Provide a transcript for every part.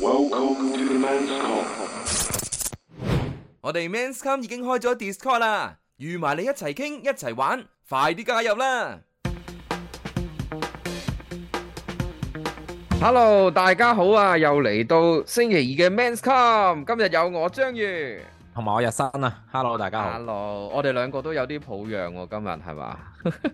Welcome to the Men's Come 我哋 Men's Come 已經開咗 Discord 啦，預埋你一齊傾一齊玩，快啲加入啦！Hello，大家好啊，又嚟到星期二嘅 Men's Come，今日有我章魚，同埋我日新啊！Hello，大家好。Hello，我哋兩個都有啲抱恙喎、啊，今日係嘛？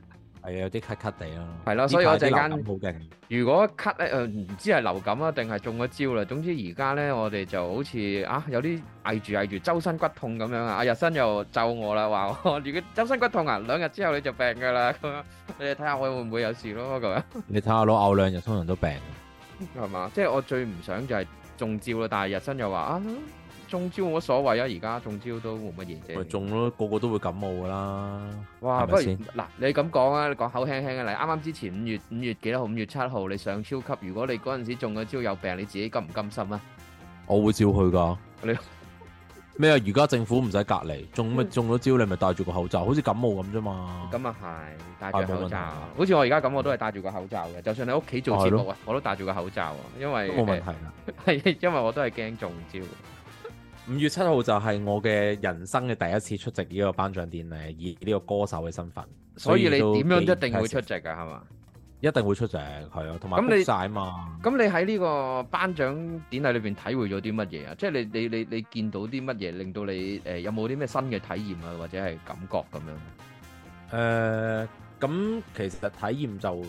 係啊，有啲咳咳地咯，係咯，所以我陣間好勁，如果咳咧，誒唔知係流感啊，定係中咗招啦。總之而家咧，我哋就好似啊有啲挨住挨住，周身骨痛咁樣啊。阿日新又咒我啦，話我如果周身骨痛啊，兩日之後你就病噶啦咁樣。你睇下我會唔會有事咯咁樣？你睇下攞牛兩日通常都病，係嘛？即係我最唔想就係中招啦，但係日新又話啊。中招冇乜所謂啊！而家中招都冇乜嘢啫，咪中咯，個個都會感冒噶啦。哇，不如嗱，你咁講啊，你講口輕輕啊。你啱啱之前五月五月幾多號？五月七號，你上超級。如果你嗰陣時中咗招有病，你自己甘唔甘心啊？我會照去噶。你咩啊？而家政府唔使隔離，中咪中咗招，你咪戴住個口罩，好似感冒咁啫嘛。咁啊係，戴住口罩。好似我而家咁，我都係戴住個口罩嘅。就算喺屋企做節目，我都戴住個口罩啊。因為冇問題啦，係因為我都係驚中招。五月七號就係我嘅人生嘅第一次出席呢個頒獎典禮，以呢個歌手嘅身份。所以你點以樣一定會出席㗎？係嘛？一定會出席，係啊。同埋曬啊嘛。咁你喺呢個頒獎典禮裏邊體會咗啲乜嘢啊？即係你你你你見到啲乜嘢令到你誒有冇啲咩新嘅體驗啊？或者係感覺咁樣？誒、呃，咁其實體驗就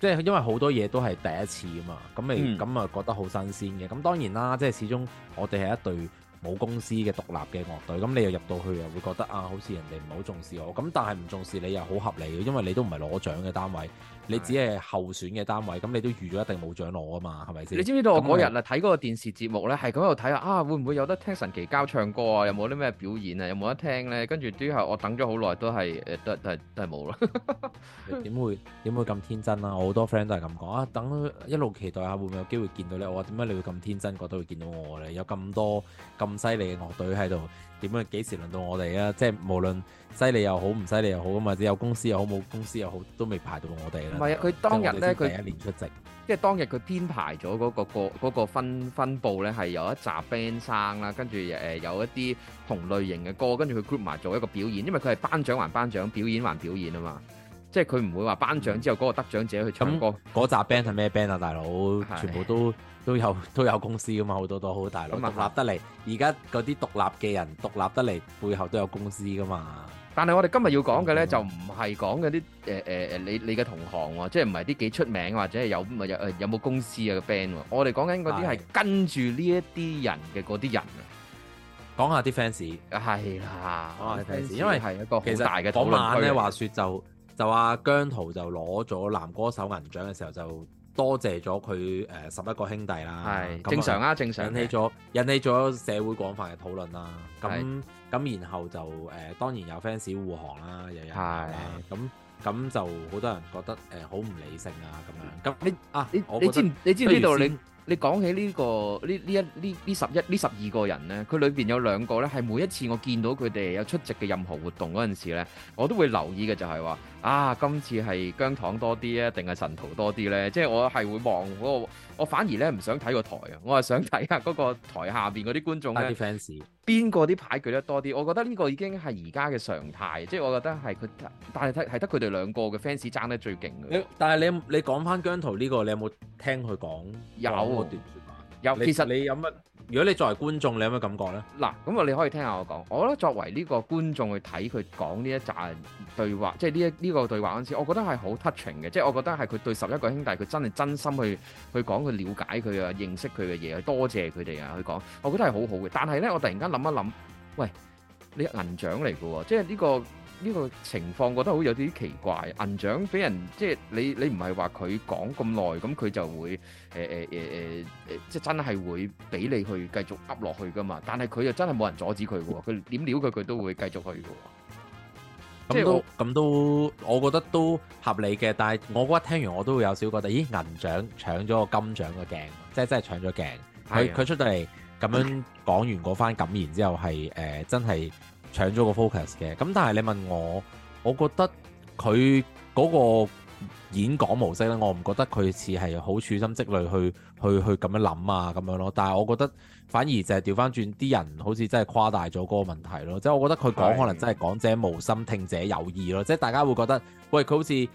即係因為好多嘢都係第一次啊嘛。咁你，咁啊、嗯、咪覺得好新鮮嘅。咁當然啦，即係始終我哋係一對，冇公司嘅獨立嘅樂隊，咁你又入到去又會覺得啊，好似人哋唔係好重視我咁，但係唔重視你又好合理嘅，因為你都唔係攞獎嘅單位。你只係候選嘅單位，咁你都預咗一定冇獎攞啊嘛，係咪先？你知唔知道那我嗰日啊睇嗰個電視節目咧，係咁喺度睇下，啊會唔會有得聽神奇交唱歌啊？有冇啲咩表演啊？有冇得聽咧？跟住之後我等咗好耐，都係誒都都係都係冇啦。點 會點會咁天真啊？我好多 friend 都係咁講啊，等一路期待下會唔會有機會見到你？我話點解你會咁天真覺得會見到我咧？有咁多咁犀利嘅樂隊喺度。點樣幾時輪到我哋啊？即係無論犀利又好，唔犀利又好，或者有公司又好，冇公司又好，都未排到我哋啦。唔係啊，佢當日咧，佢第一年出席，即係當日佢編排咗嗰、嗰個、嗰個分分佈咧，係有一集 band 生啦，跟住誒有一啲同類型嘅歌，跟住佢 group 埋做一個表演，因為佢係頒獎還頒獎，表演還表演啊嘛。即係佢唔會話頒獎之後嗰個得獎者去唱歌。咁嗰紮 band 係咩 band 啊？大佬，全部都都有都有公司㗎嘛，好多都好大佬。獨立得嚟，而家嗰啲獨立嘅人獨立得嚟，背後都有公司㗎嘛。但係我哋今日要講嘅咧，就唔係講嗰啲誒誒誒，你你嘅同行喎，即係唔係啲幾出名或者係有唔係有誒有冇公司啊嘅 band 喎？我哋講緊嗰啲係跟住呢一啲人嘅嗰啲人。講下啲 fans 係啦，講下啲 fans 因為係一個好大嘅討論區。嗰晚咧話説就。就話姜濤就攞咗男歌手銀獎嘅時候，就多謝咗佢誒十一個兄弟啦。係是就正常啊，正常。引起咗引起咗社會廣泛嘅討論啦。咁咁是然後就誒、呃、當然有 fans 護航啦，又有啦。咁咁是就好多人覺得誒好唔理性啊咁樣。咁你，你啊你知唔你知唔知道如你？你講起呢、這個呢呢一呢呢十一呢十二個人呢，佢裏邊有兩個呢，係每一次我見到佢哋有出席嘅任何活動嗰陣時呢，我都會留意嘅，就係話啊，今次係姜糖多啲啊，定係神徒多啲呢？即係我係會望嗰、那個。我反而咧唔想睇個台啊，我係想睇下嗰個台下邊嗰啲觀眾咧，邊個啲牌舉得多啲？我覺得呢個已經係而家嘅常態，即係我覺得係佢，但係睇係得佢哋兩個嘅 fans 爭得最勁嘅。但係你你講翻姜濤呢個，你有冇聽佢講？有。其實你，你有乜？如果你作為觀眾，你有乜感覺呢？嗱，咁啊，你可以聽下我講。我覺得作為呢個觀眾去睇佢講呢一集對話，即係呢一呢個對話嗰陣時，我覺得係好 touching 嘅。即係我覺得係佢對十一個兄弟，佢真係真心去去講佢了解佢啊、認識佢嘅嘢去多謝佢哋啊。佢講，我覺得係好好嘅。但係呢，我突然間諗一諗，喂，你銀獎嚟嘅喎，即係呢個。呢個情況覺得好有啲奇怪，銀獎俾人，即係你你唔係話佢講咁耐，咁佢就會誒誒誒誒即係真係會俾你去繼續噏落去噶嘛？但係佢又真係冇人阻止佢喎，佢點料佢佢都會繼續去嘅喎。咁、嗯、是都咁我都，我覺得都合理嘅。但係我覺得聽完我都會有少少覺得，咦？銀獎搶咗個金獎嘅鏡，即係真係搶咗鏡。佢的出到嚟咁樣講完嗰番咁，然之後係誒、呃、真係。真搶咗個 focus 嘅。咁但係你問我，我覺得佢嗰個演講模式咧，我唔覺得佢似係好處心積慮去去去咁樣諗啊咁樣咯。但係我覺得反而就係掉返轉啲人，好似真係誇大咗嗰個問題咯。即係我覺得佢講可能真係講者無心，聽者有意咯。的即係大家會覺得，喂，佢好似品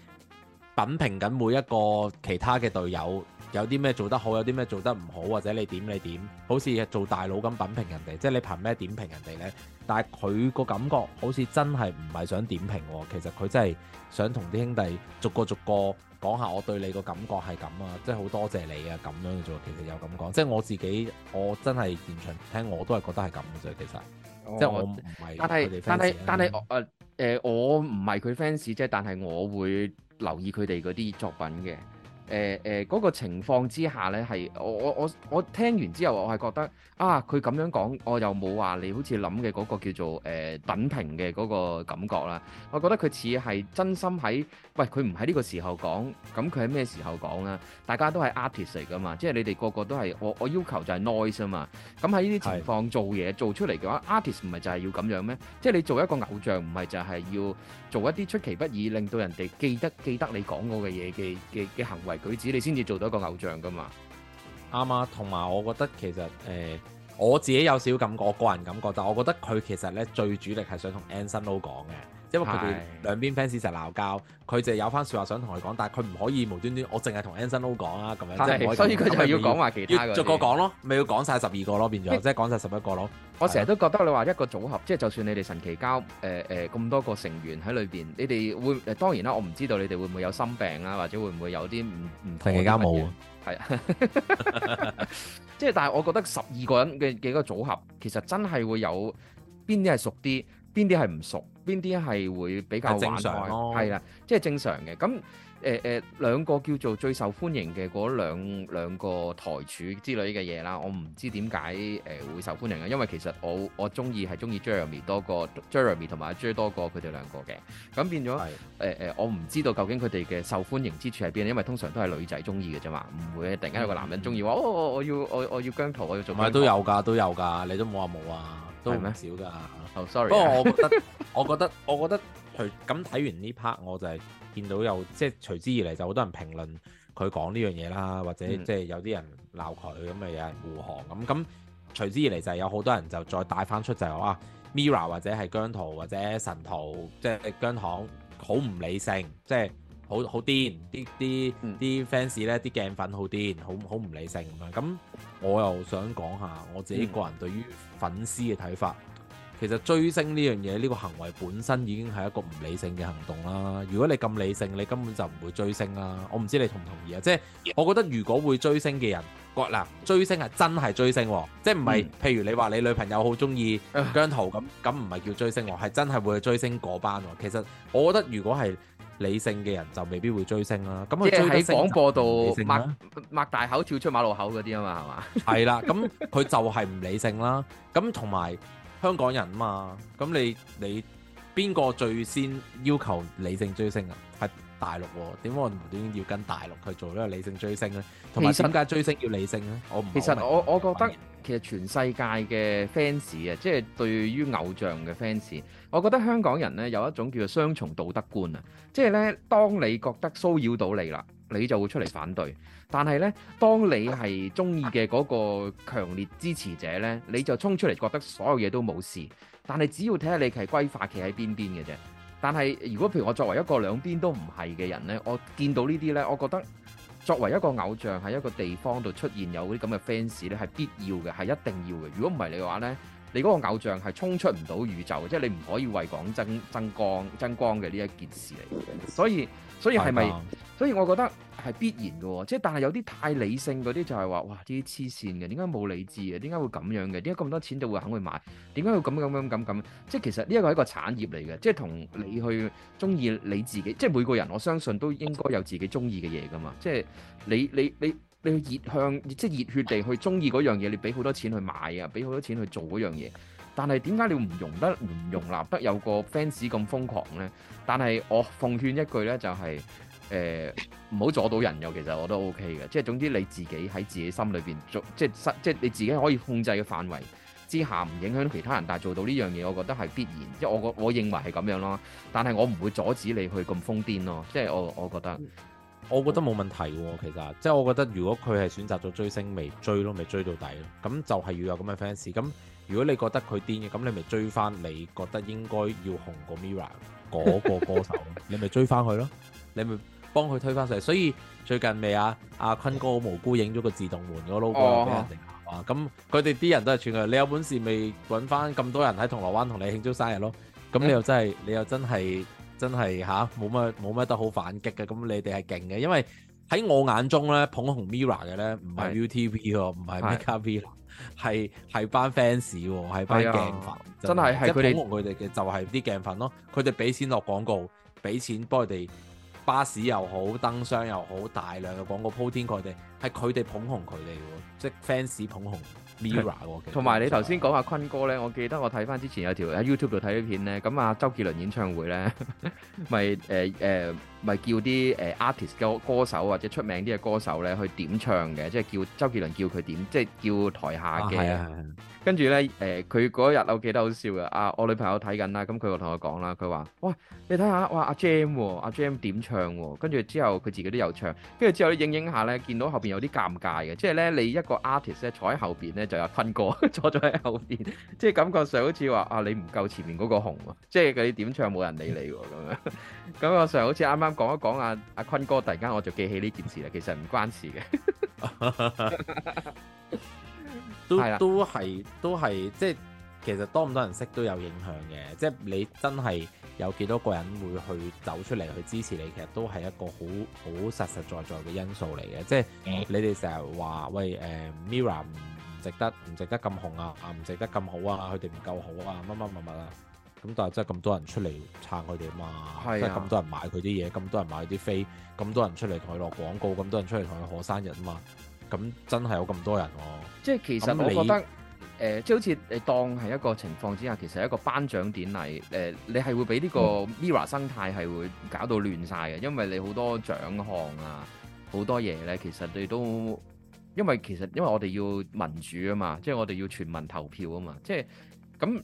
評緊每一個其他嘅隊友。有啲咩做得好，有啲咩做得唔好，或者你點你點，好似做大佬咁品評人哋，即係你憑咩點評人哋呢？但係佢個感覺好似真係唔係想點評喎，其實佢真係想同啲兄弟逐個逐個講下我對你個感覺係咁啊，即係好多謝你啊咁樣嘅啫。其實有咁講，即係我自己，我真係現場聽我都係覺得係咁嘅啫。其實、哦、即係我唔係佢哋 fans，但係但係我唔係佢 fans 啫，但係我會留意佢哋嗰啲作品嘅。誒誒嗰個情況之下咧，係我我我我聽完之後，我係覺得啊，佢咁樣講，我又冇話你好似諗嘅嗰個叫做誒品、呃、評嘅嗰個感覺啦。我覺得佢似係真心喺，喂佢唔喺呢個時候講，咁佢喺咩時候講啦？大家都係 artist 嚟㗎嘛，即係你哋個個都係我我要求就係 noise 啊嘛。咁喺呢啲情況做嘢是做出嚟嘅話，artist 唔係就係要咁樣咩？即係你做一個偶像，唔係就係要做一啲出其不意，令到人哋記得記得你講過嘅嘢嘅嘅嘅行為。舉止，你先至做到一個偶像㗎嘛，啱啊。同埋我覺得其實誒、呃，我自己有少感覺，我個人感覺，但我覺得佢其實咧最主力係想同 Anson Lo 講嘅。即係，因為佢哋兩邊 fans 成日鬧交，佢就係有翻說話想同佢講，但係佢唔可以無端端。我淨係同 Anson Lo 講啊，咁樣即係我。所以佢就要講話其他嘅，逐個講咯，咪要講晒十二個咯，變咗即係講晒十一個咯。我成日都覺得你話一個組合，即係就算你哋神奇交誒誒咁多個成員喺裏邊，你哋會誒，當然啦，我唔知道你哋會唔會有心病啊，或者會唔會有啲唔唔神奇交冇啊？係啊，即係但係我覺得十二個人嘅幾個組合，其實真係會有邊啲係熟啲，邊啲係唔熟。邊啲係會比較玩玩正常咯。係啦，即係正常嘅。咁誒誒兩個叫做最受歡迎嘅嗰兩兩個台柱之類嘅嘢啦，我唔知點解誒會受歡迎啊。因為其實我我中意係中意 Jeremy 多過 Jeremy 同埋 J 多過佢哋兩個嘅。咁變咗誒誒，我唔知道究竟佢哋嘅受歡迎之處喺邊，因為通常都係女仔中意嘅啫嘛，唔會突然間有個男人中意話哦，我要我我要姜濤我，我要做。唔係都有㗎，都有㗎，你都冇話冇啊？都唔少㗎、啊，oh, sorry. 不過我覺得 我覺得我覺得隨咁睇完呢 part，我就係見到有即係隨之而嚟就好多人評論佢講呢樣嘢啦，或者、嗯、即係有啲人鬧佢，咁咪有人護航咁咁隨之而嚟就係有好多人就再帶翻出就係話、啊、Mira 或者係姜濤或者神徒，即係姜糖好唔理性，即係。好好癲啲啲啲 fans 呢啲鏡粉好癲，好好唔理性咁樣。咁我又想講下我自己個人對於粉絲嘅睇法。嗯、其實追星呢樣嘢，呢、呢個行為本身已經係一個唔理性嘅行動啦。如果你咁理性，你根本就唔會追星啦。我唔知你同唔同意啊？即係我覺得如果會追星嘅人，嗱追星係真係追星，即係唔係？嗯、譬如你話你女朋友好中意姜濤咁，咁唔係叫追星喎，係真係會去追星嗰班喎。其實我覺得如果係。理性嘅人就未必會追星啦、啊，咁佢、啊、即係喺廣播度擘擘大口跳出馬路口嗰啲啊嘛，係嘛？ 係、嗯、啦，咁佢就係唔理性啦、啊。咁同埋香港人啊嘛，咁你你邊個最先要求理性追星？啊？係大陸、啊，點解我無端要跟大陸去做呢個理性追星咧？同埋點解追星要理性咧？我唔其實我我覺得。其實全世界嘅 fans 啊，即係對於偶像嘅 fans，我覺得香港人呢有一種叫做雙重道德觀啊，即係呢，當你覺得騷擾到你啦，你就會出嚟反對；但係呢，當你係中意嘅嗰個強烈支持者呢，你就衝出嚟覺得所有嘢都冇事。但係只要睇下你係歸化企喺邊邊嘅啫。但係如果譬如我作為一個兩邊都唔係嘅人呢，我見到呢啲呢，我覺得。作為一個偶像喺一個地方度出現，有嗰啲咁嘅 fans 咧，係必要嘅，係一定要嘅，如果唔係你嘅話咧，你嗰個偶像係衝出唔到宇宙，即係你唔可以為國增增光增光嘅呢一件事嚟。所以所以係咪？是的所以我覺得。係必然嘅，即係但係有啲太理性嗰啲就係話哇，啲黐線嘅，點解冇理智啊？點解會咁樣嘅？點解咁多錢就會肯去買？點解要咁咁咁咁咁？即係其實呢一個係一個產業嚟嘅，即係同你去中意你自己，即係每個人我相信都應該有自己中意嘅嘢噶嘛。即係你你你你熱向，即係熱血地去中意嗰樣嘢，你俾好多錢去買啊，俾好多錢去做嗰樣嘢。但係點解你唔容得唔容納得有個 fans 咁瘋狂咧？但係我奉勸一句咧，就係。誒唔好阻到人嘅，其實我都 OK 嘅，即係總之你自己喺自己心裏邊做，即係即係你自己可以控制嘅範圍之下，唔影響其他人，但係做到呢樣嘢，我覺得係必然，即係我我認為係咁樣咯。但係我唔會阻止你去咁瘋癲咯，即係我，我覺得，嗯、我覺得冇問題喎。其實，即係我覺得，如果佢係選擇咗追星，咪追咯，咪追到底咯。咁就係要有咁嘅 fans。咁如果你覺得佢癲嘅，咁你咪追翻你覺得應該要紅過 Mirror 嗰個歌手， 你咪追翻佢咯，你咪。幫佢推翻上，所以最近未啊阿坤哥好無辜影咗個自動門嗰 logo 俾、oh、人定價啊！咁佢哋啲人都係串佢，你有本事未揾翻咁多人喺銅鑼灣同你慶祝生日咯？咁你又真係你又真係真係吓，冇乜冇乜得好反擊嘅，咁你哋係勁嘅，因為喺我眼中咧捧紅 Mirror 嘅咧唔係 ViuTV 喎，唔係 MakerVille，係班 fans 喎，係班，是班，班鏡粉，真係係 的 捧紅佢哋嘅就係啲鏡粉咯，佢哋俾錢落廣告，俾錢幫佢哋。巴士又好，燈箱又好，大量嘅廣告鋪天蓋地，係佢哋捧紅佢哋嘅，mm hmm. 即 fans 捧紅 MIRROR 嘅是。同埋你頭先講下坤哥呢，我記得我睇翻之前有條喺 YouTube 度睇咗片呢。咁啊周杰倫演唱會呢，咪誒誒。呃呃咪叫啲誒、呃、artist 嘅歌手或者出名啲嘅歌手咧去點唱嘅，即係叫周杰倫叫佢點，即係、啊、叫台下嘅。跟住咧誒，佢嗰日我記得好笑嘅，啊我女朋友睇緊啦，咁佢就同我講啦，佢話：「哇你睇下，哇阿 Gem 喎、啊，阿 Gem 點唱喎？」跟住之後佢自己都有唱，跟住之後咧影影下咧，見到後邊有啲尷尬嘅，即係咧你一個 artist 咧坐喺後邊咧就有坤哥坐咗喺後邊，即係感覺上好似話啊你唔夠前面個紅紅，即係佢點唱冇人理你喎，咁樣感覺上好似啱啱。講一講啊，阿、啊、坤哥，突然間我就記起呢件事啦。其實唔關事嘅 都，都係都係，都係，即係其實多唔多人識都有影響嘅。即係你真係有幾多個人會去走出嚟去支持你，其實都係一個好好實實在在嘅因素嚟嘅。即係 Okay. 你哋成日話喂，誒、呃、，Mirror 唔值得，唔值得咁紅啊，啊，唔值得咁好啊，佢哋唔夠好啊，乜乜乜乜啊。咁但係真係咁多人出嚟撐佢哋啊嘛，啊真係咁多人買佢啲嘢，咁多人買啲飛，咁多人出嚟同佢落廣告，咁多人出嚟同佢賀生日啊嘛，咁真係有咁多人喎。即係其實你我覺得，誒、呃，即係好似誒當係一個情況之下，其實一個頒獎典禮，誒、呃，你係會俾呢個 Mirror 生態係會搞到亂晒嘅，因為你好多獎項啊，好多嘢咧，其實你都因為其實因為我哋要民主啊嘛，即係我哋要全民投票啊嘛，即係咁。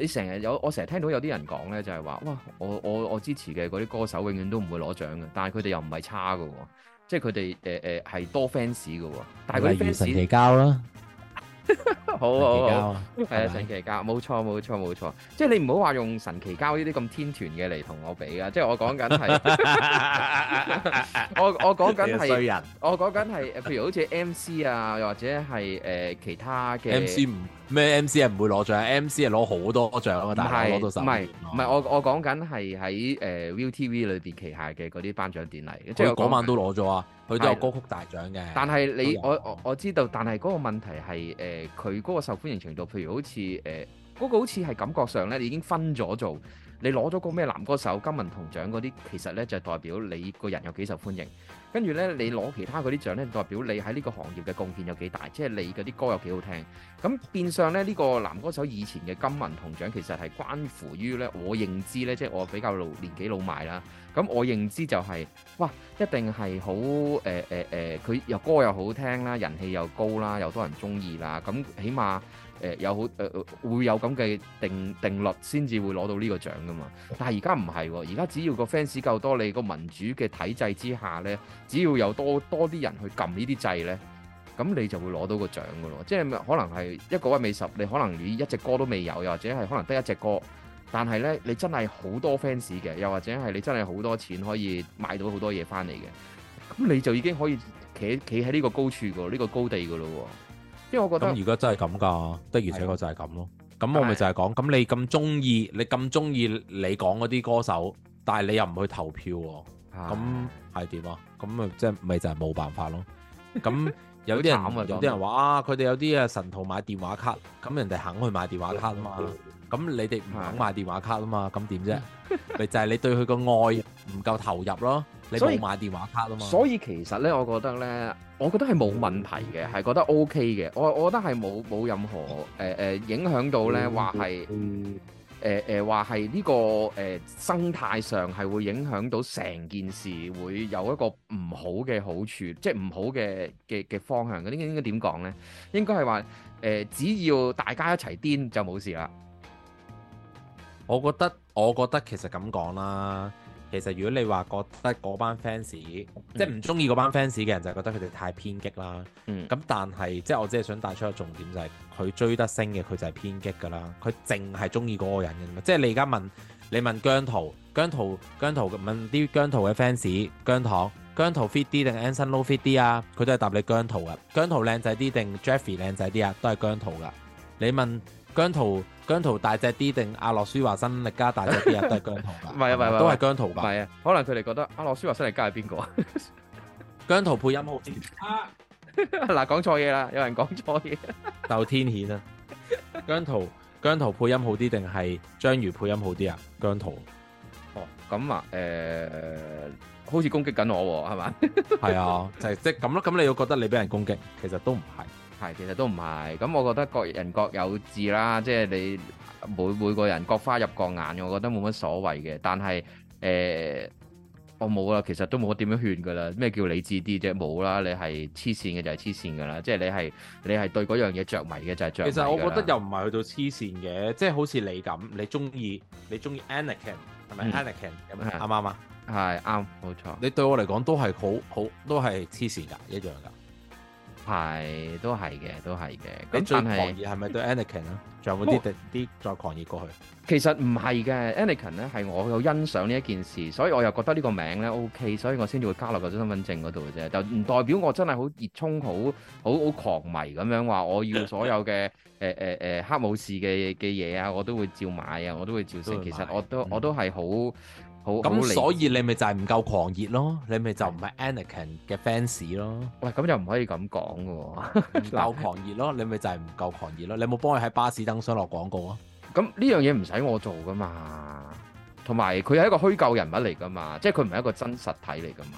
你成日有我成日聽到有啲人講咧，就係話哇，我我我支持嘅嗰啲歌手永遠都唔會攞獎嘅，但係佢哋又唔係差嘅，即係佢哋誒誒係多 fans 嘅，但係佢哋神奇交啦，好好，係啊，神奇交，冇錯冇錯冇錯，即係你唔好話用神奇交呢啲咁天團嘅嚟同我比啊，即係我講緊係，我我講緊係，我講緊係，譬如好似 MC 啊，又或者係誒其他嘅 MC 五。咩 M C 係唔會攞獎，M C 係攞好多獎啊！但係攞到手唔係唔係，我我講緊係喺誒 Viu T V 裏邊旗下嘅嗰啲頒獎典禮，即係嗰晚都攞咗啊！佢是都有歌曲大獎嘅。但係你是我我我知道，但係嗰個問題係誒佢嗰個受歡迎程度，譬如好似誒嗰個好似係感覺上咧，你已經分咗做你攞咗個咩男歌手金文銅獎嗰啲，其實咧就是、代表你個人有幾受歡迎。跟住呢，你攞其他嗰啲獎呢，代表你喺呢個行業嘅貢獻有幾大，即係你嗰啲歌有幾好聽。咁變相呢，呢個男歌手以前嘅金文銅獎其實係關乎於呢，我認知呢，即係我比較老年紀老邁啦。咁我認知就係，哇，一定係好誒誒誒，佢、呃呃呃、又歌又好聽啦，人氣又高啦，又多人中意啦。咁起碼誒有好誒誒、呃、會有咁嘅定定律先至會攞到呢個獎㗎嘛。但係而家唔係喎，而家只要個 fans 夠多，你個民主嘅體制之下呢。只要有多多啲人去撳呢啲掣呢，咁你就會攞到個獎噶咯。即係可能係一個位未十，你可能連一隻歌都未有，又或者係可能得一隻歌，但係呢，你真係好多 fans 嘅，又或者係你真係好多錢可以買到好多嘢翻嚟嘅，咁你就已經可以企企喺呢個高處噶，呢個高地噶咯。因為我覺得咁如果真係咁噶，的而且確就係咁咯。咁的我咪就係講，咁你咁中意你咁中意你講嗰啲歌手，但係你又唔去投票喎，咁。係點啊？咁啊，即係咪就係冇辦法咯？咁有啲人有啲人話啊，佢哋有啲啊有神徒買電話卡，咁人哋肯去買電話卡啊嘛，咁 你哋唔肯買電話卡啊嘛，咁點啫？咪 就係你對佢個愛唔夠投入咯，你冇買電話卡啊嘛所。所以其實咧，我覺得咧，我覺得係冇問題嘅，係覺得 O K 嘅。我我覺得係冇冇任何誒誒、呃呃、影響到咧話係。誒誒話係呢個誒、呃、生態上係會影響到成件事，會有一個唔好嘅好處，即係唔好嘅嘅嘅方向。呢個應該點講呢？應該係話誒，只要大家一齊癲就冇事啦。我覺得，我覺得其實咁講啦。其實如果你話覺得嗰班 fans 即係唔中意嗰班 fans 嘅人，就係覺得佢哋太偏激啦。咁、嗯、但係即係我只係想帶出個重點，就是，就係佢追得星嘅佢就係偏激噶啦。佢淨係中意嗰個人嘅即係你而家問你問姜濤，姜濤姜濤問啲姜濤嘅 fans，姜糖姜濤 fit 啲定 Anson Lo fit 啲啊？佢都係答你姜濤啊。姜濤靚仔啲定 Jeffrey 靚仔啲啊？都係姜濤噶。你問姜濤。姜姜濤大隻啲定阿諾舒華辛力加大隻啲 啊？都係姜濤噶，唔係啊，唔係，都係姜濤吧。係啊，可能佢哋覺得阿諾舒華辛力加係邊個啊？姜濤配音好啲啊！嗱，講錯嘢啦，有人講錯嘢。斗天譴啊！姜濤，姜濤配音好啲定係章魚配音好啲，哦、啊？姜、呃、濤。哦，咁啊，誒，好似攻擊緊我係咪？係啊，就係即係咁咯。咁你要覺得你俾人攻擊，其實都唔係。係，其實都唔係。咁我覺得各人各有志啦，即係你每每個人各花入各眼，我覺得冇乜所謂嘅。但係誒，我冇啦，其實都冇點樣勸噶啦。咩叫理智啲啫？冇啦，你係黐線嘅就係黐線㗎啦。即係你係你係對嗰樣嘢著迷嘅就係著迷。其實我覺得又唔係去到黐線嘅，即係好似你咁，你中意你中意 Anakin 係咪 Anakin 咁？啱唔啱啊？係啱，冇錯。你對我嚟講都係好好，都係黐線㗎，一樣㗎。係都係嘅，都係嘅。咁但係狂熱係咪對 Anakin 啊？仲有冇啲啲再狂熱過去？其實唔係嘅，Anakin 咧係我好欣賞呢一件事，所以我又覺得呢個名咧 OK，所以我先至會加落個身份證嗰度嘅啫。就唔代表我真係好熱衷、好好好狂迷咁樣話，我要所有嘅誒誒誒黑武士嘅嘅嘢啊，我都會照買啊，我都會照升。其實我都、嗯、我都係好。好咁，好所以你咪就係唔夠狂熱咯，你咪就唔係 Anakin 嘅 fans 咯。喂，咁又唔可以咁講嘅，唔 夠狂熱咯，你咪就係唔夠狂熱咯。你冇幫佢喺巴士燈箱落廣告啊？咁呢樣嘢，唔使我做噶嘛，同埋佢係一個虛構人物嚟噶嘛，即係佢唔係一個真實體嚟噶嘛。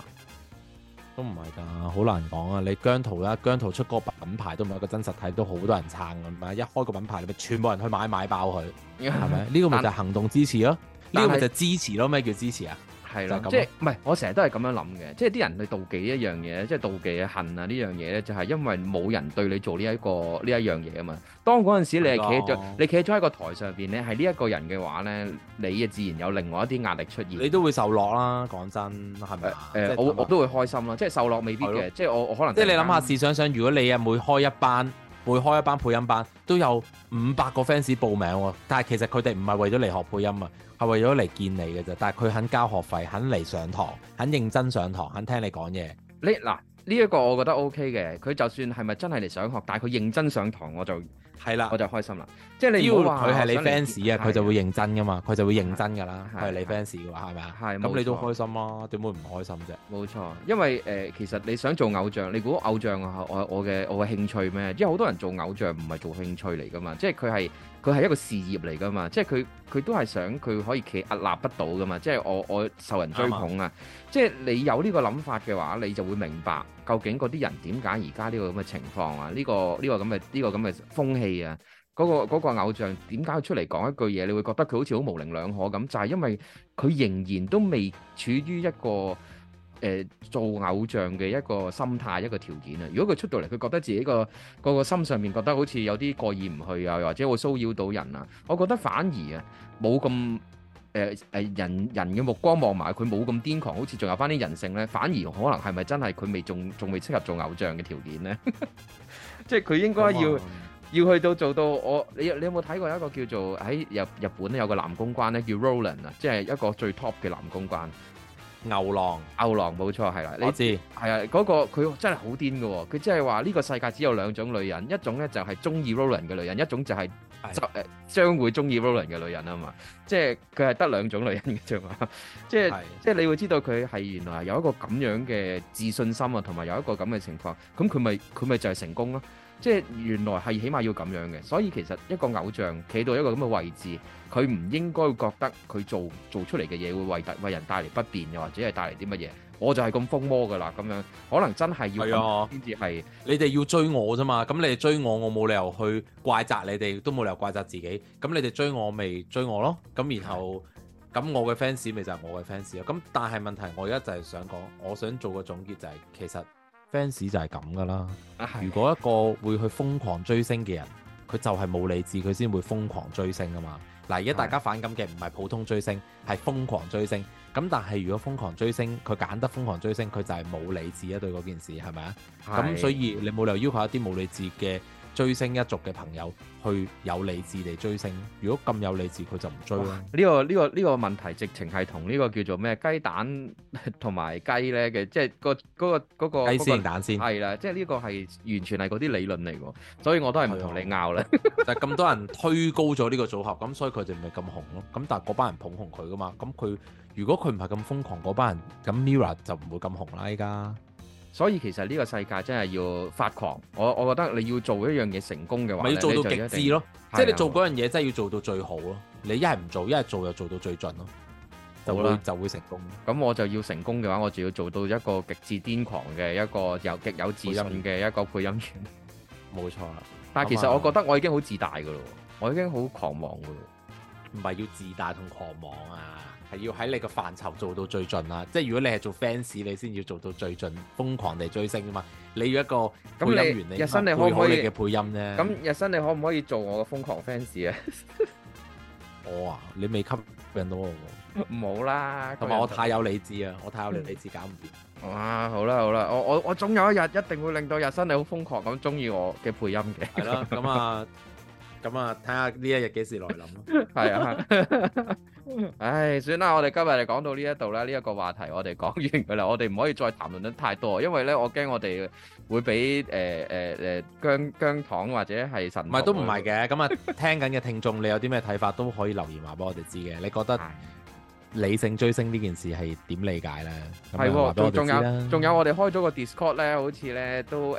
都唔係噶，好難講啊！你姜濤啦，姜濤出個品牌都唔係一個真實體，都好多人撐噶嘛，一開個品牌你咪全部人去買買爆佢，係咪？ 呢、這個咪就係行動支持咯。呢個咪就支持咯，咩叫支持啊？係啦咁，即係唔係？我成日都係咁樣諗嘅，即係啲人去妒忌一樣嘢，即係妒忌啊恨啊呢樣嘢咧，就係因為冇人對你做呢一個呢一樣嘢啊嘛。當嗰陣時你係企喺你企喺一個台上邊咧，係呢一個人嘅話咧，你啊自然有另外一啲壓力出現，你都會受落啦。講真，係咪？誒，我我都會開心啦，即係受落未必嘅，即係我我可能。即係你諗下，試想想，如果你啊每開一班。每開一班配音班，都有五百個 fans 報名，但係其實佢哋唔係為咗嚟，學配音啊，係為咗嚟見你嘅啫。但係佢肯交學費，肯嚟上堂，肯認真上堂，肯聽你講嘢。呢嗱，呢一個我覺得 OK 嘅，佢就算係咪真係嚟上學，但係佢認真上堂，我就。係啦，我就開心啦。即係你要話佢係你 fans 啊，佢就會認真噶嘛，佢就會認真噶啦。係你 fans 嘅話，係咪啊？係。咁你都開心啦，點會唔開心啫？冇錯，因為誒、呃，其實你想做偶像，你估偶像啊？我我嘅我嘅興趣咩？因為好多人做偶像唔係做興趣嚟噶嘛，即係佢係。佢係一個事業嚟噶嘛，即係佢佢都係想佢可以企屹立不倒噶嘛，即係我我受人追捧啊！對吧 即係你有呢個諗法嘅話，你就會明白究竟嗰啲人點解而家呢個咁嘅情況啊？呢、呢個呢、呢個咁嘅呢個咁嘅、呢個呢個、風氣啊？嗰、嗰個嗰個偶像點解出嚟講一句嘢，你會覺得佢好似好模棱兩可咁，就係、係、因為佢仍然都未處於一個。誒做偶像嘅一個心態一個條件啊！如果佢出到嚟，佢覺得自己個，個個心上面覺得好似有啲過意唔去啊，或者會騷擾到人啊，我覺得反而啊，冇咁誒誒人人嘅目光望埋佢，冇咁癲狂，好似仲有翻啲人性呢。反而可能係咪真係佢未仲仲未，未適合做偶像嘅條件呢？ 即係佢應該要、嗯、要去到做到我你你有冇睇過一個叫做喺日日本有個男公關咧叫 Roland 啊，即係一個最 top 嘅男公關。牛郎，牛郎冇錯係啦，我知係啊，嗰、那個佢真係好癲㗎喎，佢真係話呢個世界只有兩種女人，一種咧就係中意 Roland 嘅女人，一種就係執誒將會中意 Roland 嘅女人啊嘛，即係佢係得兩種女人嘅啫嘛，即係的即係你會知道佢係原來有一個咁樣嘅自信心啊，同埋有一個咁嘅情況，咁佢咪佢咪就係成功囉。即係原來係起碼要咁樣嘅，所以其實一個偶像企到一個咁嘅位置，佢唔應該覺得佢做做出嚟嘅嘢會為為人帶嚟不便，又或者係帶嚟啲乜嘢。我就係咁瘋魔噶啦，咁樣可能真係要先至係你哋要追我啫嘛。咁你哋追我，我冇理由去怪責你哋，都冇理由怪責自己。咁你哋追我咪追我咯。咁然後咁是我嘅 fans 咪就係我嘅 fans 咯。咁但係問題，我而家就係想講，我想做個總結就係、是、其實。fans 就係咁噶啦，啊、如果一個會去瘋狂追星嘅人，佢就係冇理智，佢先會瘋狂追星啊嘛。嗱，而家大家反感嘅唔係普通追星，係瘋狂追星。咁但係如果瘋狂追星，佢揀得瘋狂追星，佢就係冇理智啊！對嗰件事係咪啊？咁的所以你冇理由要求一啲冇理智嘅追星一族嘅朋友去有理智地追星，如果咁有理智，佢就唔追啦。呢個呢個呢個問題，直情係同呢個叫做咩雞蛋同埋雞呢嘅，即係個嗰個嗰個雞先蛋先係啦。即係呢個係完全係嗰啲理論嚟喎，所以我都係唔同你拗咧。但係咁多人推高咗呢個組合，咁所以佢哋唔係咁紅咯。咁 但係嗰班人捧紅佢噶嘛，咁佢如果佢唔係咁瘋狂嗰班人，咁 Mira 就唔會咁紅啦依家。所以其實呢個世界真係要發狂，我我覺得你要做一樣嘢成功嘅話，你要做到極致咯，即係你做嗰樣嘢真係要做到最好咯。你一係唔做，一係做，做就做到最盡咯，就會，就會成功。咁我就要成功嘅話，我就要做到一個極致癲狂嘅一個有極有自信嘅一個配音員。冇 錯啊，但係其實我覺得我已經好自大噶咯，我已經好狂妄噶咯，唔係要自大同狂妄啊！係要喺你個範疇做到最盡啦，即係如果你係做 fans，你先要做到最盡，瘋狂地追星啊嘛！你要一個配音員，你，你可唔可以嘅配，配音咧？咁日新，你可唔可以做我嘅瘋狂 fans 啊？ 我啊，你未吸引到我，啊，唔好啦我，嗯我！我太有理智啊，我太有理智，搞唔掂。哇，啊，好啦好啦，我我我總有一日一定會令到日新你好瘋狂咁中意我嘅配音嘅。係 啦，咁啊，咁啊，睇下呢一日幾時來臨咯。係啊。唉，算啦，我哋今日嚟講到呢一度啦，呢一個話題我哋講完佢啦，我哋唔可以再談論得太多，因為咧我驚我哋會俾，誒誒誒薑薑糖或者係神唔係都唔係嘅，咁啊 聽緊嘅聽眾，你有啲咩睇法都可以留言話俾我哋知嘅，你覺得？理性追星呢件事係點理解呢？係喎的，仲有仲有，有我哋開咗個 Discord 呢，好似呢都誒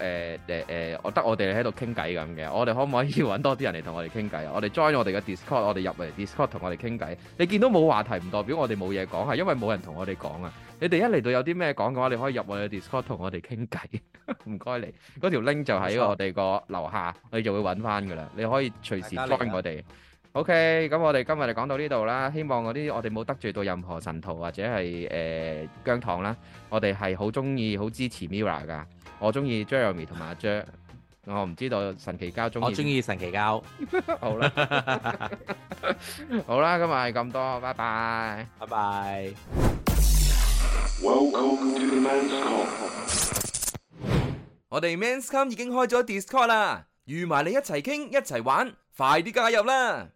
誒誒，我得我哋喺度傾偈咁嘅。我哋可唔可以揾多啲人嚟同我哋傾偈啊？我哋 join 我哋嘅 Discord，我哋入嚟 Discord 同我哋傾偈。你見到冇話題，唔代表我哋冇嘢講，係因為冇人同我哋講啊。你哋一嚟到有啲咩講嘅話，你可以入我哋 Discord 同我哋傾偈。唔 該你，嗰條 link 就喺我哋個樓下，你的就會揾翻㗎啦。你可以隨時 join 我哋。O K，咁我哋今日就講到呢度啦。希望我啲我哋冇得罪到任何神徒或者係誒姜糖啦。我哋係好中意好支持 Mira 噶。我中意 Jeremy 同埋阿 Joe。我唔知道神奇膠中意。我中意神奇膠。好啦，好啦，今日係咁多，拜拜，拜拜。Welcome to the Men's Come。我哋 Men's Come 已經開咗 Discord 啦，預埋你一齊傾一齊玩，快啲加入啦！